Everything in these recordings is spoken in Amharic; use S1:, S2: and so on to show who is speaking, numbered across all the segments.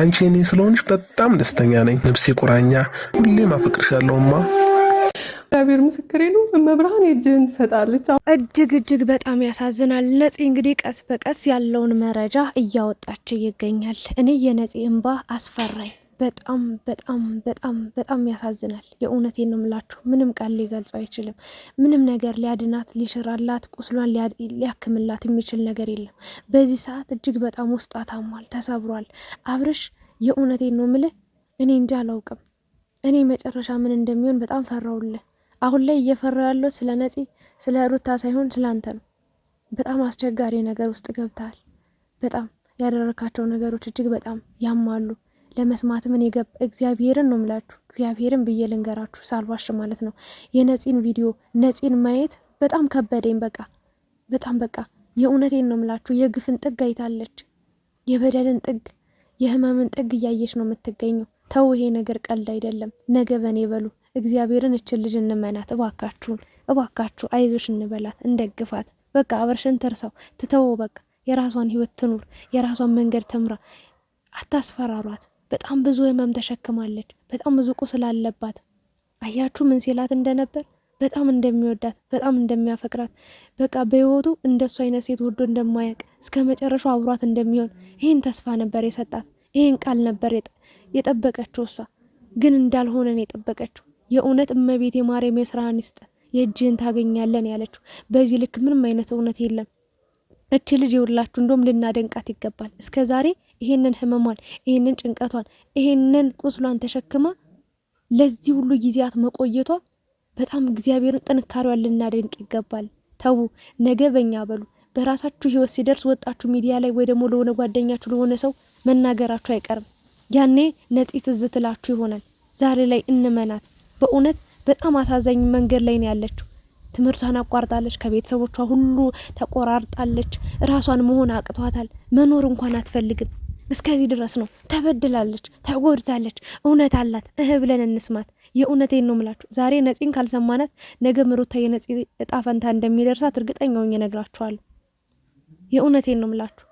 S1: አንቺ እኔ ስለሆንሽ በጣም ደስተኛ ነኝ። ነብሴ ቁራኛ፣ ሁሌም አፈቅርሻለሁማ።
S2: እግዚአብሔር ምስክሬ ነው። መብርሃን የእጅህን ትሰጣለች።
S3: እጅግ እጅግ በጣም ያሳዝናል። ነፂ እንግዲህ ቀስ በቀስ ያለውን መረጃ እያወጣች ይገኛል። እኔ የነፂ እንባ አስፈራኝ። በጣም በጣም በጣም በጣም ያሳዝናል። የእውነቴን ነው ምላችሁ፣ ምንም ቃል ሊገልጹ አይችልም። ምንም ነገር ሊያድናት፣ ሊሽራላት፣ ቁስሏን ሊያክምላት የሚችል ነገር የለም። በዚህ ሰዓት እጅግ በጣም ውስጧ ታሟል፣ ተሰብሯል። አብርሽ የእውነቴን ነው ምልህ፣ እኔ እንጂ አላውቅም። እኔ መጨረሻ ምን እንደሚሆን በጣም ፈራውልህ። አሁን ላይ እየፈራ ያለው ስለ ነፂ ስለ ሩታ ሳይሆን አንተ ነው። በጣም አስቸጋሪ ነገር ውስጥ ገብተሃል። በጣም ያደረካቸው ነገሮች እጅግ በጣም ያማሉ። ለመስማት ምን የገባ እግዚአብሔርን ነው ምላችሁ፣ እግዚአብሔርን ብዬ ልንገራችሁ ሳልዋሽ ማለት ነው። የነፂን ቪዲዮ ነፂን ማየት በጣም ከበደኝ። በቃ በጣም በቃ የእውነቴን ነው ምላችሁ። የግፍን ጥግ አይታለች፣ የበደልን ጥግ፣ የህመምን ጥግ እያየች ነው የምትገኘው። ተው፣ ይሄ ነገር ቀልድ አይደለም። ነገ በኔ በሉ እግዚአብሔርን እችን ልጅ እንመናት እባካችሁን፣ እባካችሁ አይዞሽ እንበላት፣ እንደግፋት። በቃ አብርሽን ትርሳው፣ ትተው፣ በቃ የራሷን ህይወት ትኑር፣ የራሷን መንገድ ትምራ። አታስፈራሯት። በጣም ብዙ ህመም ተሸክማለች። በጣም ብዙ ቁስል አለባት። አያችሁ ምን ሲላት እንደነበር በጣም እንደሚወዳት በጣም እንደሚያፈቅራት በቃ በህይወቱ እንደሱ አይነት ሴት ወዶ እንደማያውቅ እስከ መጨረሻው አብሯት እንደሚሆን ይህን ተስፋ ነበር የሰጣት። ይህን ቃል ነበር የጠበቀችው። እሷ ግን እንዳልሆነን የጠበቀችው የእውነት እመቤት የማርያም የስራን ይስጥ የእጅህን ታገኛለን ያለችው። በዚህ ልክ ምንም አይነት እውነት የለም። እች ልጅ የውላችሁ እንደም ልናደንቃት ይገባል እስከ ዛሬ ይሄንን ህመሟን፣ ይሄንን ጭንቀቷን፣ ይሄንን ቁስሏን ተሸክማ ለዚህ ሁሉ ጊዜያት መቆየቷ በጣም እግዚአብሔርን ጥንካሬዋን ልናደንቅ ይገባል። ተዉ፣ ነገ በእኛ በሉ። በራሳችሁ ህይወት ሲደርስ ወጣችሁ ሚዲያ ላይ ወይ ደግሞ ለሆነ ጓደኛችሁ ለሆነ ሰው መናገራችሁ አይቀርም። ያኔ ነፂ ትዝ ትላችሁ ይሆናል። ዛሬ ላይ እንመናት። በእውነት በጣም አሳዛኝ መንገድ ላይ ነው ያለችው። ትምህርቷን አቋርጣለች። ከቤተሰቦቿ ሁሉ ተቆራርጣለች። ራሷን መሆን አቅቷታል። መኖር እንኳን አትፈልግም። እስከዚህ ድረስ ነው። ተበድላለች፣ ተጎድታለች፣ እውነት አላት። እህ ብለን እንስማት። የእውነቴን ነው ምላችሁ። ዛሬ ነፂን ካልሰማናት ነገ ምሮታ የነፂ እጣ ፈንታ እንደሚደርሳት እርግጠኛ ሆኜ እነግራችኋለሁ። የእውነቴን ነው ምላችሁ።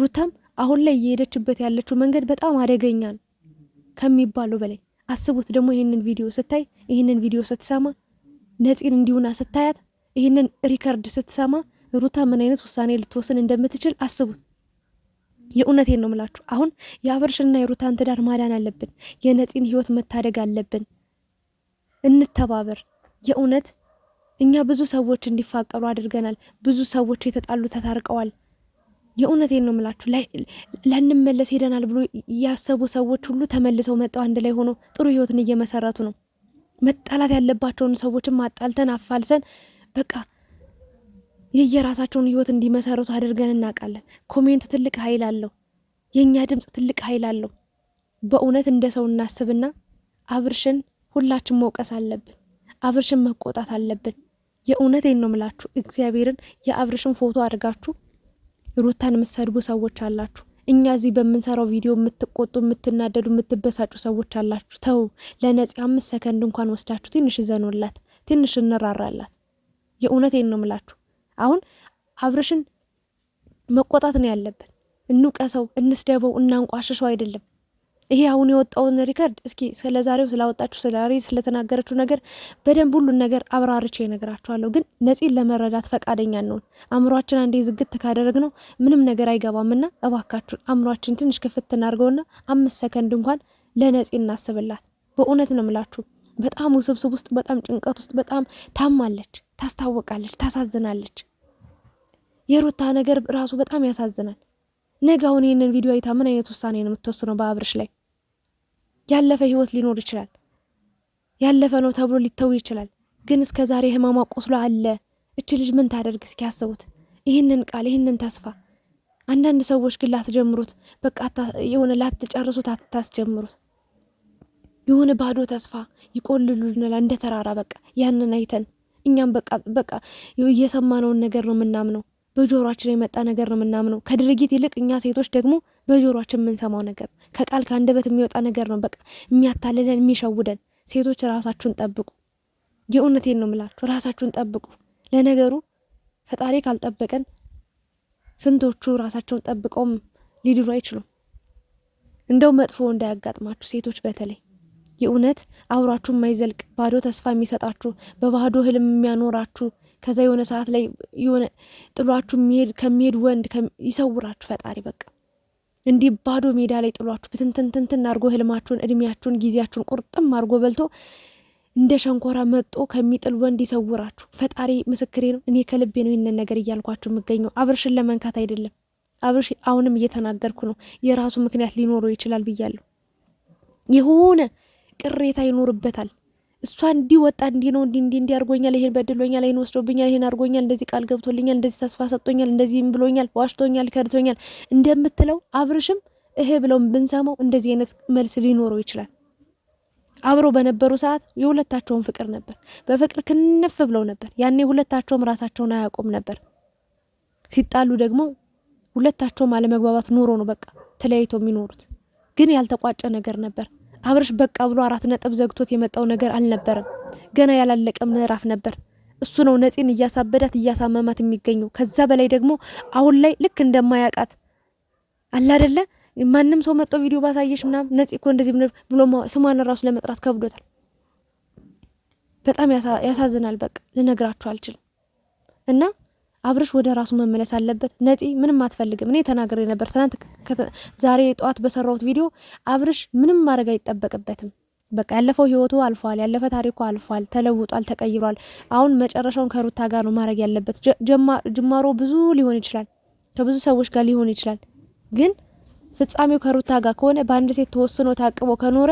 S3: ሩታም አሁን ላይ እየሄደችበት ያለችው መንገድ በጣም አደገኛ ነው ከሚባለው በላይ አስቡት። ደግሞ ይህንን ቪዲዮ ስታይ፣ ይህንን ቪዲዮ ስትሰማ፣ ነፂን እንዲሁና ስታያት፣ ይህንን ሪከርድ ስትሰማ ሩታ ምን አይነት ውሳኔ ልትወስን እንደምትችል አስቡት። የእውነቴን ነው ምላችሁ። አሁን የአብርሽና የሩታን ትዳር ማዳን አለብን። የነፂን ህይወት መታደግ አለብን። እንተባበር። የእውነት እኛ ብዙ ሰዎች እንዲፋቀሩ አድርገናል። ብዙ ሰዎች የተጣሉ ተታርቀዋል። የእውነቴን ነው ምላችሁ። ላንመለስ ሄደናል ብሎ ያሰቡ ሰዎች ሁሉ ተመልሰው መጣው አንድ ላይ ሆኖ ጥሩ ህይወትን እየመሰረቱ ነው። መጣላት ያለባቸውን ሰዎችም አጣልተን አፋልሰን በቃ የየራሳቸውን ህይወት እንዲመሰርቱ አድርገን እናውቃለን። ኮሜንት ትልቅ ኃይል አለው። የእኛ ድምፅ ትልቅ ኃይል አለው። በእውነት እንደ ሰው እናስብና አብርሽን ሁላችን መውቀስ አለብን። አብርሽን መቆጣት አለብን። የእውነት ነው ምላችሁ እግዚአብሔርን የአብርሽን ፎቶ አድርጋችሁ ሩታን የምትሰድቡ ሰዎች አላችሁ። እኛ እዚህ በምንሰራው ቪዲዮ የምትቆጡ፣ የምትናደዱ፣ የምትበሳጩ ሰዎች አላችሁ። ተው፣ ለነፂ አምስት ሰከንድ እንኳን ወስዳችሁ ትንሽ ዘኖላት፣ ትንሽ እንራራላት። የእውነቴን ነው ምላችሁ አሁን አብርሽን መቆጣት ነው ያለብን። እንውቀሰው፣ እንስደበው፣ እናንቋሽሸው አይደለም። ይሄ አሁን የወጣውን ሪከርድ እስኪ ስለ ዛሬው ስላወጣችሁ ስለ ስለተናገረችው ነገር በደንብ ሁሉን ነገር አብራርቼ እነግራችኋለሁ። ግን ነፂን ለመረዳት ፈቃደኛ እንሆን። አእምሯችን አንዴ ዝግት ካደረግ ነው ምንም ነገር አይገባምና እባካችሁን አእምሯችን ትንሽ ክፍት እናድርገውና አምስት ሰከንድ እንኳን ለነፂ እናስብላት። በእውነት ነው ምላችሁ። በጣም ውስብስብ ውስጥ፣ በጣም ጭንቀት ውስጥ፣ በጣም ታማለች። ታስታወቃለች፣ ታሳዝናለች። የሩታ ነገር ራሱ በጣም ያሳዝናል። ነገ አሁን ይህንን ቪዲዮ አይታ ምን አይነት ውሳኔ ነው የምትወስነው በአብርሽ ላይ? ያለፈ ህይወት ሊኖር ይችላል፣ ያለፈ ነው ተብሎ ሊተው ይችላል። ግን እስከ ዛሬ ህመሟ ቆስሎ አለ። እች ልጅ ምን ታደርግ እስኪ ያስቡት። ይህንን ቃል ይህንን ተስፋ አንዳንድ ሰዎች ግን ላትጀምሩት፣ በቃ የሆነ ላትጨርሱት፣ አታስጀምሩት የሆነ ባዶ ተስፋ ይቆልሉልናል እንደ ተራራ። በቃ ያንን አይተን እኛም በቃ በቃ የሰማነውን ነገር ነው የምናምነው። በጆሮችን የመጣ ነገር ነው የምናምነው። ከድርጊት ይልቅ እኛ ሴቶች ደግሞ በጆሮችን የምንሰማው ነገር ከቃል ከአንደበት የሚወጣ ነገር ነው በቃ የሚያታልለን የሚሸውደን። ሴቶች ራሳችሁን ጠብቁ። የእውነቴን ነው ምላችሁ፣ ራሳችሁን ጠብቁ። ለነገሩ ፈጣሪ ካልጠበቀን ስንቶቹ ራሳቸውን ጠብቀውም ሊድሩ አይችሉም። እንደው መጥፎ እንዳያጋጥማችሁ ሴቶች በተለይ የእውነት አብሯችሁ የማይዘልቅ ባዶ ተስፋ የሚሰጣችሁ በባዶ ህልም የሚያኖራችሁ ከዛ የሆነ ሰዓት ላይ የሆነ ጥሏችሁ የሚሄድ ከሚሄድ ወንድ ይሰውራችሁ ፈጣሪ። በቃ እንዲህ ባዶ ሜዳ ላይ ጥሏችሁ ብትንትንትንትን አድርጎ ህልማችሁን፣ እድሜያችሁን፣ ጊዜያችሁን ቁርጥም አድርጎ በልቶ እንደ ሸንኮራ መጦ ከሚጥል ወንድ ይሰውራችሁ ፈጣሪ። ምስክሬ ነው። እኔ ከልቤ ነው ይህንን ነገር እያልኳችሁ የምገኘው አብርሽን ለመንካት አይደለም። አብርሽ አሁንም እየተናገርኩ ነው። የራሱ ምክንያት ሊኖረው ይችላል ብያለሁ የሆነ ቅሬታ ይኖርበታል። እሷ እንዲህ ወጣ እንዲህ ነው እንዲህ እንዲህ እንዲህ አድርጎኛል፣ ይሄን በድሎኛል፣ ይሄን ወስዶብኛል፣ ይሄን አድርጎኛል፣ እንደዚህ ቃል ገብቶልኛል፣ እንደዚህ ተስፋ ሰጥቶኛል፣ እንደዚህም ብሎኛል፣ ዋሽቶኛል፣ ከድቶኛል እንደምትለው አብርሽም እሄ ብለውም ብንሰማው እንደዚህ አይነት መልስ ሊኖረው ይችላል። አብሮ በነበሩ ሰዓት የሁለታቸውን ፍቅር ነበር፣ በፍቅር ክንፍ ብለው ነበር። ያኔ ሁለታቸውም ራሳቸውን አያውቁም ነበር። ሲጣሉ ደግሞ ሁለታቸውም አለመግባባት ኑሮ ነው በቃ ተለያይተው የሚኖሩት። ግን ያልተቋጨ ነገር ነበር። አብርሽ በቃ ብሎ አራት ነጥብ ዘግቶት የመጣው ነገር አልነበረም። ገና ያላለቀ ምዕራፍ ነበር። እሱ ነው ነፂን እያሳበዳት እያሳመማት የሚገኘው። ከዛ በላይ ደግሞ አሁን ላይ ልክ እንደማያውቃት አለ አይደለ? ማንም ሰው መጥቶ ቪዲዮ ባሳየሽ ምናምን ነፂ እኮ እንደዚህ ብሎ ስሟን ራሱ ለመጥራት ከብዶታል። በጣም ያሳዝናል። በቃ ልነግራችሁ አልችልም እና አብርሽ ወደ ራሱ መመለስ አለበት። ነፂ ምንም አትፈልግም። እኔ ተናግሬ ነበር ትናንት፣ ዛሬ ጠዋት በሰራሁት ቪዲዮ አብርሽ ምንም ማድረግ አይጠበቅበትም። በቃ ያለፈው ህይወቱ አልፏል። ያለፈ ታሪኩ አልፏል፣ ተለውጧል፣ ተቀይሯል። አሁን መጨረሻውን ከሩታ ጋር ነው ማድረግ ያለበት። ጅማሮ ብዙ ሊሆን ይችላል፣ ከብዙ ሰዎች ጋር ሊሆን ይችላል። ግን ፍጻሜው ከሩታ ጋር ከሆነ በአንድ ሴት ተወስኖ ታቅቦ ከኖረ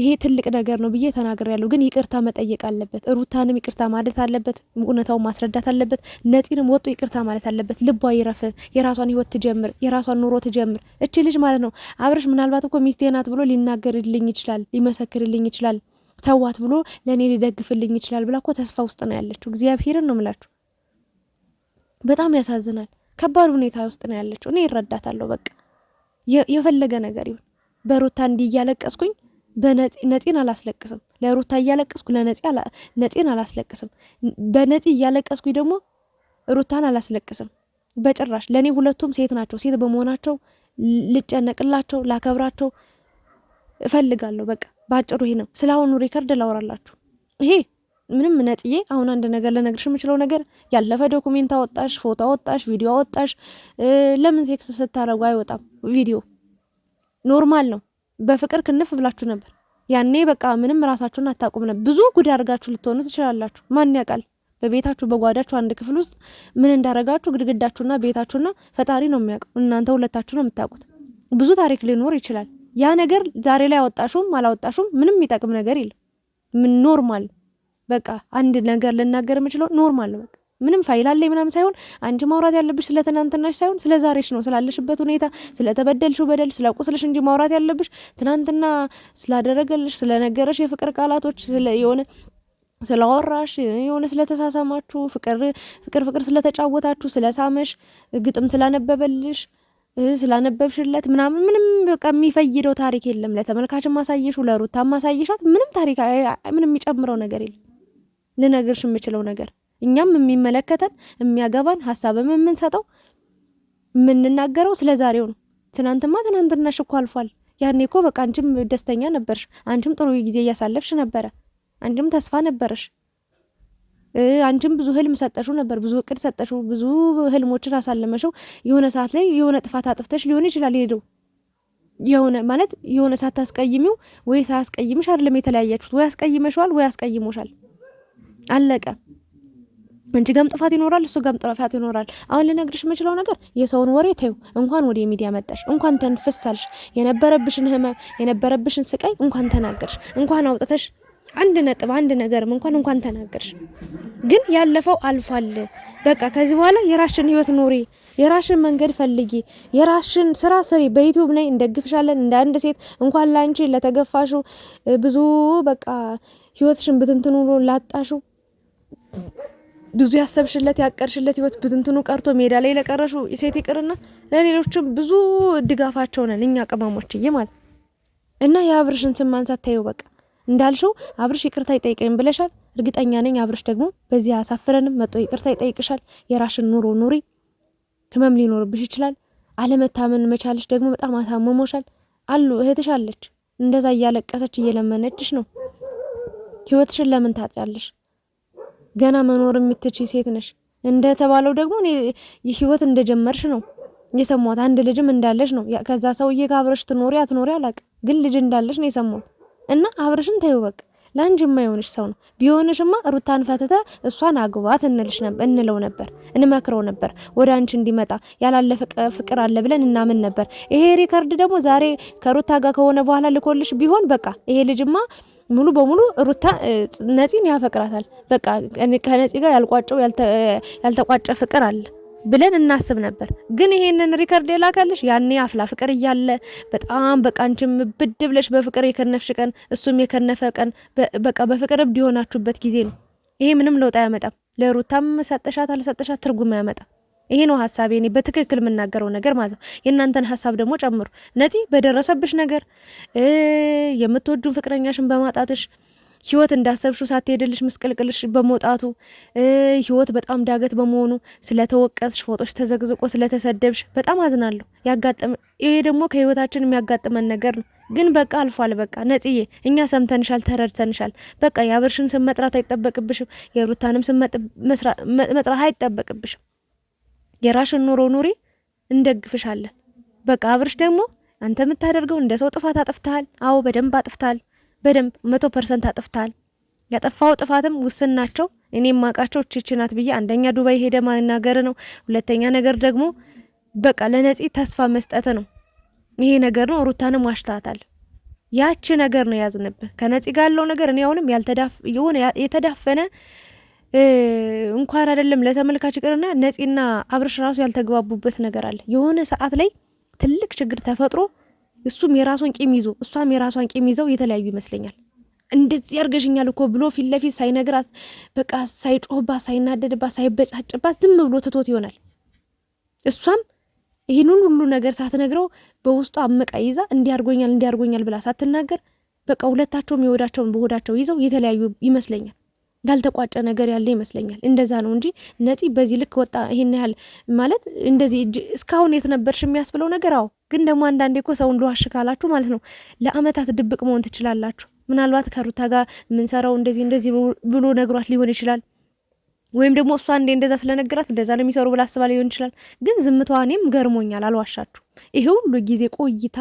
S3: ይሄ ትልቅ ነገር ነው ብዬ ተናግሬ ያለሁ። ግን ይቅርታ መጠየቅ አለበት፣ ሩታንም ይቅርታ ማለት አለበት፣ እውነታውን ማስረዳት አለበት። ነፂንም ወጡ ይቅርታ ማለት አለበት። ልቧ ይረፍ፣ የራሷን ህይወት ትጀምር፣ የራሷን ኑሮ ትጀምር። እቺ ልጅ ማለት ነው አብረሽ ምናልባት እኮ ሚስቴ ናት ብሎ ሊናገርልኝ ይችላል፣ ሊመሰክርልኝ ይችላል፣ ተዋት ብሎ ለእኔ ሊደግፍልኝ ይችላል ብላ እኮ ተስፋ ውስጥ ነው ያለችው። እግዚአብሔርን ነው ምላችሁ። በጣም ያሳዝናል። ከባድ ሁኔታ ውስጥ ነው ያለችው። እኔ ይረዳታለሁ። በቃ የፈለገ ነገር ይሁን በሩታ እንዲህ እያለቀስኩኝ ነፂን አላስለቅስም። ለሩታ እያለቀስኩ ነፂን አላስለቅስም። በነፂ እያለቀስኩ ደግሞ ሩታን አላስለቅስም በጭራሽ። ለእኔ ሁለቱም ሴት ናቸው። ሴት በመሆናቸው ልጨነቅላቸው፣ ላከብራቸው እፈልጋለሁ። በቃ በአጭሩ ይሄ ነው። ስለ አሁኑ ሪከርድ ላወራላችሁ። ይሄ ምንም ነጥዬ፣ አሁን አንድ ነገር ልነግርሽ የምችለው ነገር ያለፈ ዶኩሜንት አወጣሽ፣ ፎቶ አወጣሽ፣ ቪዲዮ አወጣሽ። ለምን ሴክስ ስታረጉ አይወጣም ቪዲዮ? ኖርማል ነው። በፍቅር ክንፍ ብላችሁ ነበር። ያኔ በቃ ምንም ራሳችሁን አታውቁም ነበር። ብዙ ጉድ አድርጋችሁ ልትሆኑ ትችላላችሁ። ማን ያውቃል? በቤታችሁ በጓዳችሁ አንድ ክፍል ውስጥ ምን እንዳረጋችሁ ግድግዳችሁና ቤታችሁና ፈጣሪ ነው የሚያውቀው። እናንተ ሁለታችሁ ነው የምታውቁት። ብዙ ታሪክ ሊኖር ይችላል። ያ ነገር ዛሬ ላይ አወጣሹም አላወጣሹም ምንም የሚጠቅም ነገር የለም። ኖርማል በቃ አንድ ነገር ልናገር የምችለው ኖርማል ነው በቃ ምንም ፋይል አለ ምናምን ሳይሆን አንቺ ማውራት ያለብሽ ስለ ትናንትናሽ ሳይሆን ስለ ዛሬሽ ነው። ስላለሽበት ሁኔታ፣ ስለ ተበደልሽው በደል፣ ስለ ቁስልሽ እንጂ ማውራት ያለብሽ ትናንትና ስላደረገልሽ፣ ስለነገረሽ የፍቅር ቃላቶች ስለ የሆነ ስለወራሽ የሆነ ስለተሳሳማችሁ፣ ፍቅር ፍቅር ፍቅር ስለተጫወታችሁ፣ ስለሳመሽ፣ ግጥም ስላነበበልሽ ስላነበብሽለት ምናምን ምንም በቃ የሚፈይደው ታሪክ የለም። ለተመልካች ማሳየሹ ለሩታ ማሳየሻት ምንም ታሪክ ምንም የሚጨምረው ነገር የለም ልነግርሽ የምችለው ነገር እኛም የሚመለከተን የሚያገባን ሀሳብም የምንሰጠው የምንናገረው ስለ ዛሬው ነው። ትናንትማ ትናንትና ሽኮ አልፏል። ያኔ እኮ በቃ አንቺም ደስተኛ ነበርሽ፣ አንቺም ጥሩ ጊዜ እያሳለፍሽ ነበረ፣ አንቺም ተስፋ ነበረሽ፣ አንቺም ብዙ ህልም ሰጠሽው ነበር፣ ብዙ እቅድ ሰጠሹ፣ ብዙ ህልሞችን አሳለመሽው። የሆነ ሰዓት ላይ የሆነ ጥፋት አጥፍተሽ ሊሆን ይችላል ሄደው የሆነ ማለት የሆነ ሳታስቀይሚው ወይ ሳያስቀይምሽ አይደለም የተለያያችሁት፣ ወይ አስቀይመሽዋል ወይ አስቀይሞሻል። አለቀ። አንቺ ጋም ጥፋት ይኖራል፣ እሱ ጋም ጥፋት ይኖራል። አሁን ልነግርሽ የምችለው ነገር የሰውን ወሬ ተዩ። እንኳን ወደ ሚዲያ መጣሽ፣ እንኳን ተንፍሳልሽ፣ የነበረብሽን ህመም የነበረብሽን ስቃይ እንኳን ተናገርሽ፣ እንኳን አውጥተሽ አንድ ነጥብ አንድ ነገርም እንኳን እንኳን ተናገርሽ። ግን ያለፈው አልፏል። በቃ ከዚህ በኋላ የራሽን ህይወት ኑሪ፣ የራሽን መንገድ ፈልጊ፣ የራሽን ስራ ስሪ። በዩቲዩብ ላይ እንደግፍሻለን እንደ አንድ ሴት እንኳን ላንቺ ለተገፋሹ ብዙ በቃ ህይወትሽን ብትንትኑ ላጣሹ ብዙ ያሰብሽለት ያቀርሽለት ህይወት ብትንትኑ ቀርቶ ሜዳ ላይ ለቀረሹ ሴት ይቅርና ለሌሎችም ብዙ ድጋፋቸው ነን እኛ ቅመሞችዬ ማለት እና የአብርሽን ስም ማንሳት ታየው በቃ እንዳልሽው አብርሽ ይቅርታ ይጠይቀኝ ብለሻል። እርግጠኛ ነኝ አብርሽ ደግሞ በዚህ አሳፍረንም መጦ ይቅርታ ይጠይቅሻል። የራሽን ኑሮ ኑሪ። ህመም ሊኖርብሽ ይችላል። አለመታመን መቻልሽ ደግሞ በጣም አሳምሞሻል። አሉ እህትሽ አለች፣ እንደዛ እያለቀሰች እየለመነችሽ ነው። ህይወትሽን ለምን ታጫለሽ? ገና መኖር የምትች ሴት ነሽ። እንደተባለው ደግሞ ህይወት እንደጀመርሽ ነው የሰማት አንድ ልጅም እንዳለሽ ነው። ከዛ ሰውዬ ጋር አብረሽ ትኖሪ አትኖሪ አላቅም፣ ግን ልጅ እንዳለሽ ነው የሰማት እና አብረሽን ተይው በቃ ለአንቺ የማይሆንሽ ሰው ነው። ቢሆንሽማ ሩታን ፈትተ እሷን አግባት እንልሽ እንለው ነበር፣ እንመክረው ነበር ወደ አንቺ እንዲመጣ። ያላለ ፍቅር አለ ብለን እናምን ነበር። ይሄ ሪከርድ ደግሞ ዛሬ ከሩታ ጋር ከሆነ በኋላ ልኮልሽ ቢሆን በቃ ይሄ ልጅማ ሙሉ በሙሉ ሩታ ነፂን ያፈቅራታል። በቃ ከነፂ ጋር ያልቋጨው ያልተቋጨ ፍቅር አለ ብለን እናስብ ነበር። ግን ይሄንን ሪከርድ የላከልሽ ያኔ አፍላ ፍቅር እያለ በጣም በቃ አንቺም ብድ ብለሽ በፍቅር የከነፍሽ ቀን እሱም የከነፈ ቀን በቃ በፍቅር እብድ የሆናችሁበት ጊዜ ነው። ይሄ ምንም ለውጥ አያመጣም። ለሩታም ሰጠሻት አልሰጠሻት ትርጉም አያመጣም። ይሄ ነው ሀሳቤ፣ እኔ በትክክል የምናገረው ነገር ማለት ነው። የእናንተን ሀሳብ ደግሞ ጨምሩ። ነፂ በደረሰብሽ ነገር የምትወዱን ፍቅረኛሽን በማጣትሽ ህይወት እንዳሰብሽው ሳትሄድልሽ ምስቅልቅልሽ በመውጣቱ ህይወት በጣም ዳገት በመሆኑ ስለተወቀስሽ፣ ፎጦች ተዘግዝቆ ስለተሰደብሽ በጣም አዝናለሁ። ያጋጠመ ይሄ ደግሞ ከህይወታችን የሚያጋጥመን ነገር ነው። ግን በቃ አልፏል። በቃ ነጽዬ፣ እኛ ሰምተንሻል፣ ተረድተንሻል። በቃ የአብርሽን ስም መጥራት አይጠበቅብሽም፣ የሩታንም ስም መጥራት አይጠበቅብሽም። የራሽን ኑሮ ኑሪ፣ እንደግፍሻለን። በቃ አብርሽ ደግሞ አንተ የምታደርገው እንደ ሰው ጥፋት አጥፍተሃል። አዎ በደንብ አጥፍተሃል። በደንብ መቶ ፐርሰንት አጥፍተሃል። ያጠፋው ጥፋትም ውስን ናቸው። እኔ የማውቃቸው ችችናት ብዬ አንደኛ ዱባይ ሄደ ማናገር ነው፣ ሁለተኛ ነገር ደግሞ በቃ ለነፂ ተስፋ መስጠት ነው። ይሄ ነገር ነው። ሩታንም ዋሽታታል። ያቺ ነገር ነው ያዝንብ ከነፂ ጋር ያለው ነገር እኔ አሁንም የተዳፈነ እንኳን አይደለም ለተመልካች ቅርና ነፂና አብርሽ ራሱ ያልተግባቡበት ነገር አለ። የሆነ ሰዓት ላይ ትልቅ ችግር ተፈጥሮ እሱም የራሱን ቂም ይዞ እሷም የራሷን ቂም ይዘው የተለያዩ ይመስለኛል። እንደዚህ ያርገሽኛል እኮ ብሎ ፊት ለፊት ሳይነግራት በቃ ሳይጮህባት፣ ሳይናደድባት፣ ሳይበጫጭባት ዝም ብሎ ትቶት ይሆናል። እሷም ይህንን ሁሉ ነገር ሳትነግረው በውስጡ አመቃ ይዛ እንዲያርጎኛል እንዲያርጎኛል ብላ ሳትናገር በቃ ሁለታቸውም የወዳቸውን በሆዳቸው ይዘው የተለያዩ ይመስለኛል። ያልተቋጨ ነገር ያለ ይመስለኛል። እንደዛ ነው እንጂ ነፂ በዚህ ልክ ወጣ ይሄን ያህል ማለት እንደዚህ እጅ እስካሁን የት ነበርሽ የሚያስብለው ነገር። አዎ ግን ደግሞ አንዳንዴ እኮ ሰውን ልዋሽ ካላችሁ ማለት ነው ለአመታት ድብቅ መሆን ትችላላችሁ። ምናልባት ከሩታ ጋር የምንሰራው እንደዚህ እንደዚህ ብሎ ነግሯት ሊሆን ይችላል። ወይም ደግሞ እሷ እንዴ እንደዛ ስለነገራት እንደዛ ነው የሚሰሩ ብላ አስባ ሊሆን ይችላል። ግን ዝምቷ እኔም ገርሞኛል፣ አልዋሻችሁ ይሄ ሁሉ ጊዜ ቆይታ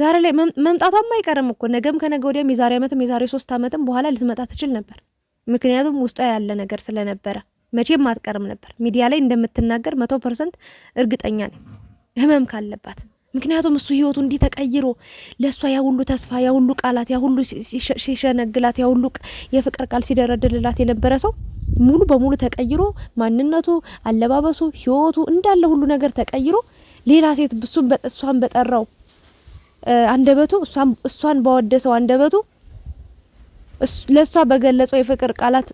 S3: ዛሬ ላይ መምጣቷም አይቀርም እኮ ነገም ከነገ ወዲያም የዛሬ ዓመትም የዛሬ ሶስት ዓመትም በኋላ ልትመጣ ትችል ነበር። ምክንያቱም ውስጧ ያለ ነገር ስለነበረ መቼም አትቀርም ነበር። ሚዲያ ላይ እንደምትናገር መቶ ፐርሰንት እርግጠኛ ነኝ፣ ህመም ካለባት ምክንያቱም እሱ ህይወቱ እንዲህ ተቀይሮ ለእሷ ያ ሁሉ ተስፋ ያ ሁሉ ቃላት ያ ሁሉ ሲሸነግላት ያ ሁሉ የፍቅር ቃል ሲደረድርላት የነበረ ሰው ሙሉ በሙሉ ተቀይሮ ማንነቱ፣ አለባበሱ፣ ህይወቱ እንዳለ ሁሉ ነገር ተቀይሮ ሌላ ሴት ብሱን እሷን በጠራው አንደበቱ እሷን ባወደሰው አንደበቱ ለእሷ በገለጸው የፍቅር ቃላት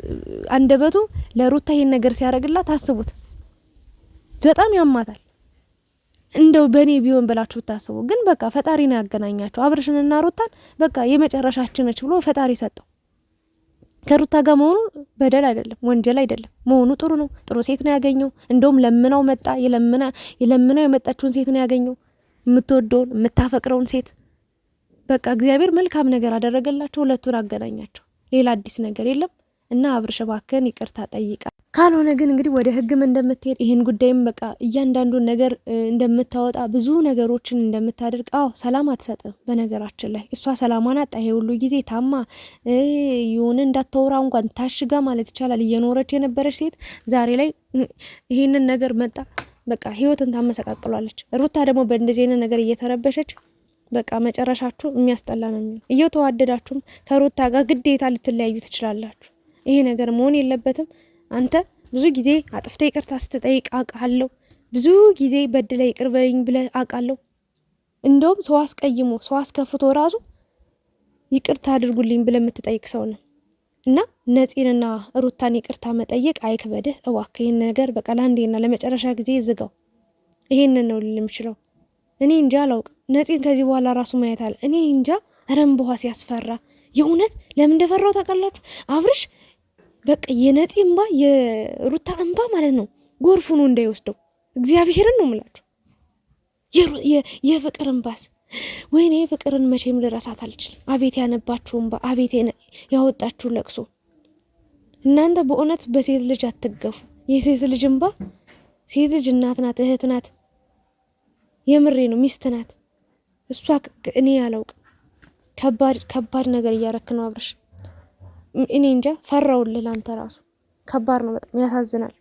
S3: አንደበቱ ለሩታ ይሄን ነገር ሲያደርግላት አስቡት። በጣም ያማታል። እንደው በእኔ ቢሆን ብላችሁ ብታስቡ ግን በቃ ፈጣሪ ነው ያገናኛቸው። አብርሽንና ሩታን በቃ የመጨረሻችን ነች ብሎ ፈጣሪ ሰጠው። ከሩታ ጋር መሆኑ በደል አይደለም፣ ወንጀል አይደለም። መሆኑ ጥሩ ነው። ጥሩ ሴት ነው ያገኘው። እንደውም ለምናው መጣ። የለምና የለምናው የመጣችውን ሴት ነው ያገኘው። የምትወደውን የምታፈቅረውን ሴት በቃ እግዚአብሔር መልካም ነገር አደረገላቸው። ሁለቱን አገናኛቸው። ሌላ አዲስ ነገር የለም እና አብርሽ እባክህን ይቅርታ ጠይቃል። ካልሆነ ግን እንግዲህ ወደ ህግም እንደምትሄድ ይህን ጉዳይም በቃ እያንዳንዱን ነገር እንደምታወጣ ብዙ ነገሮችን እንደምታደርግ፣ አዎ ሰላም አትሰጥም። በነገራችን ላይ እሷ ሰላሟን አጣ። ይሄ ሁሉ ጊዜ ታማ የሆነ እንዳታወራ እንኳን ታሽጋ ማለት ይቻላል እየኖረች የነበረች ሴት ዛሬ ላይ ይህንን ነገር መጣ በቃ ህይወትን ታመሰቃቅሏለች። ሩታ ደግሞ በእንደዚህ አይነት ነገር እየተረበሸች በቃ መጨረሻችሁ የሚያስጠላ ነው የሚሆን። እየተዋደዳችሁም ከሩታ ጋር ግዴታ ልትለያዩ ትችላላችሁ። ይሄ ነገር መሆን የለበትም። አንተ ብዙ ጊዜ አጥፍተ ይቅርታ ስትጠይቅ አውቃለሁ። ብዙ ጊዜ በድለ ይቅር በይኝ ብለ አውቃለሁ። እንደውም ሰው አስቀይሞ ሰው አስከፍቶ ራሱ ይቅርታ አድርጉልኝ ብለ የምትጠይቅ ሰው ነው። እና ነፂንና ሩታን ይቅርታ መጠየቅ አይክበድህ እባክህ። ይህን ነገር በቃ ለአንዴና ለመጨረሻ ጊዜ ዝጋው። ይሄንን ነው ልል የምችለው። እኔ እንጃ አላውቅም። ነፂን ከዚህ በኋላ ራሱ ማየት አለ እኔ እንጃ። ረንቧ ሲያስፈራ የእውነት ለምን እንደፈራው ታውቃላችሁ? አብርሽ በቃ የነፂ እንባ የሩታ እንባ ማለት ነው ጎርፉኑ እንዳይወስደው እግዚአብሔርን ነው የምላችሁ። የፍቅር እንባስ ወይኔ ፍቅርን መቼም ልረሳት አልችልም። አቤት ያነባችሁም አቤት ያወጣችሁ ለቅሶ። እናንተ በእውነት በሴት ልጅ አትገፉ። የሴት ልጅ እንባ፣ ሴት ልጅ እናት ናት፣ እህት ናት፣ የምሬ ነው፣ ሚስት ናት። እሷ እኔ አላውቅም። ከባድ ነገር እያረክ ነው አብረሽ። እኔ እንጃ ፈራውልህ። ላንተ ራሱ ከባድ ነው፣ በጣም ያሳዝናል።